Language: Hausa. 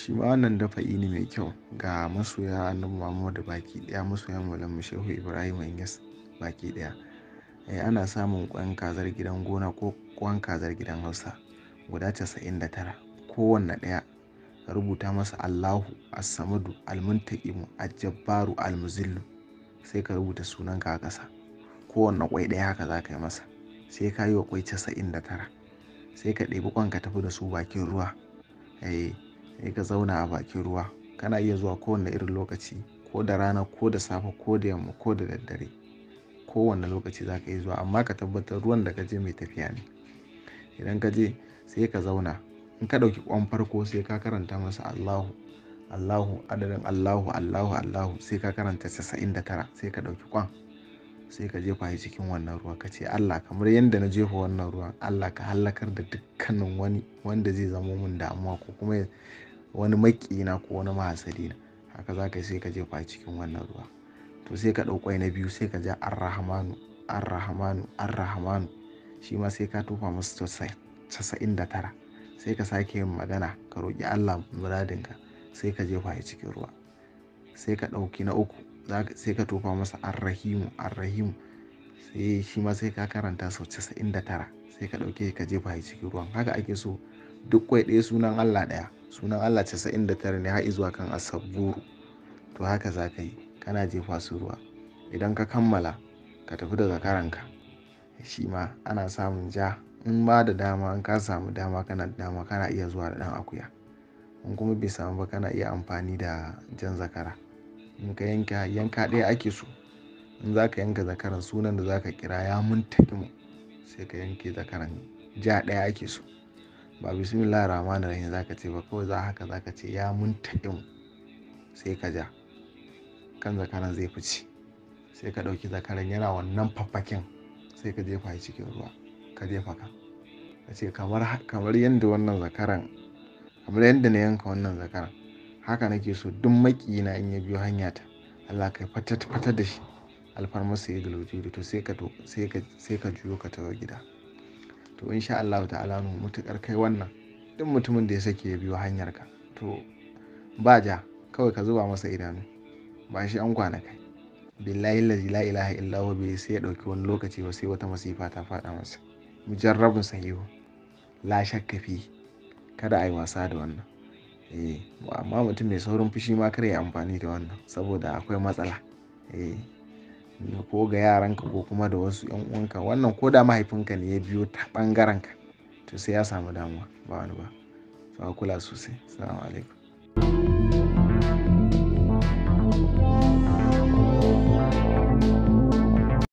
shi ma wannan dafa'i ne mai kyau ga masoya annabi muhammadu baki daya masoya malam shehu ibrahim inyas baki daya eh, ana samun kwan kazar gidan gona ko kwan kazar gidan hausa guda 99 ɗaya ka rubuta masa allahu as-samadu al-muntaqimu al-jabbaru al-muzillu sai ka rubuta sunanka a ƙasa kowanne kwai ɗaya haka za ka yi masa sai ka yi wa kwai 99 sai ka ɗebi kwan ka tafi da su bakin ruwa eh sai ka zauna a bakin ruwa kana iya zuwa kowane irin lokaci ko da rana ko da safe ko da yamma ko da daddare kowane lokaci za ka iya zuwa amma ka tabbatar ruwan da ka je mai tafiya ne idan ka je sai ka zauna in ka ɗauki ƙwan farko sai ka karanta masa allahu allahu adadin allahu allahu allahu sai ka karanta casa'in da tara sai ka ɗauki ƙwan sai ka jefa shi cikin wannan ruwa ka ce allah kamar yadda na jefa wannan ruwan allah ka hallakar da dukkanin wani wanda zai zamo min damuwa ko kuma wani makina ko wani na, haka za ka sai ka jefa a cikin wannan ruwa to sai ka ɗaukwai na biyu sai ka ja arrahamanu arrahamanu arrahamanu shi ma sai ka tofa masa casa'in da tara sai ka sake yin magana ka roƙi allah muradinka sai ka jefa a cikin ruwa sai ka ɗauki na uku sai ka tofa masa arrahimu arrahimu sai shi ma sai ka karanta sau casa'in da tara sai ka ɗauke ka jefa a cikin ruwan haka ake so duk kwai ɗaya sunan Allah ɗaya sunan Allah 99 ne har zuwa kan asabburu to haka za ka yi kana jefa su ruwa idan ka kammala ka tafi da zakaranka shi ma ana samun ja in ba da dama in ka samu dama kana da dama kana iya zuwa da dan akuya in kuma bai samu ba kana iya amfani da jan zakara in ka yanka yanka ɗaya ake so in za ka yanka zakaran sunan da za ka kira ya mun sai ka yanke zakaran ja ɗaya ake so ba bismillah rahman rahim za ka ce ba kawai za haka za ka ce ya muntaƙin sai ka ja kan zakaran zai fice sai ka ɗauki zakaran yana wannan faffakin sai ka jefa shi cikin ruwa ka jefa ka ka ce kamar yadda wannan zakaran kamar yadda na yanka wannan zakaran haka nake so duk na in ya biyo hanya ta Allah kai fatar da shi alfarmar sai ya galoji to sai ka juyo ka tawo gida to in sha Allah ta'ala nu mutukar kai wannan duk mutumin da ya sake ya biyo hanyarka to ba ja kawai ka zuba masa idanu ba shi an kwana kai billahi la ilaha illahu bai sai ya dauki wani lokaci ba sai wata masifa ta faɗa masa mujarrabun sahihu la shakka fi kada a yi wasa da wannan eh amma mutum mai saurin fushi ma kar ya amfani da wannan saboda akwai matsala eh ko ga yaranka ko kuma da wasu yan uwanka wannan ko da mahaifinka ne ya biyo ta ka to sai ya samu damuwa ba wani ba so kula sosai salamu alaikum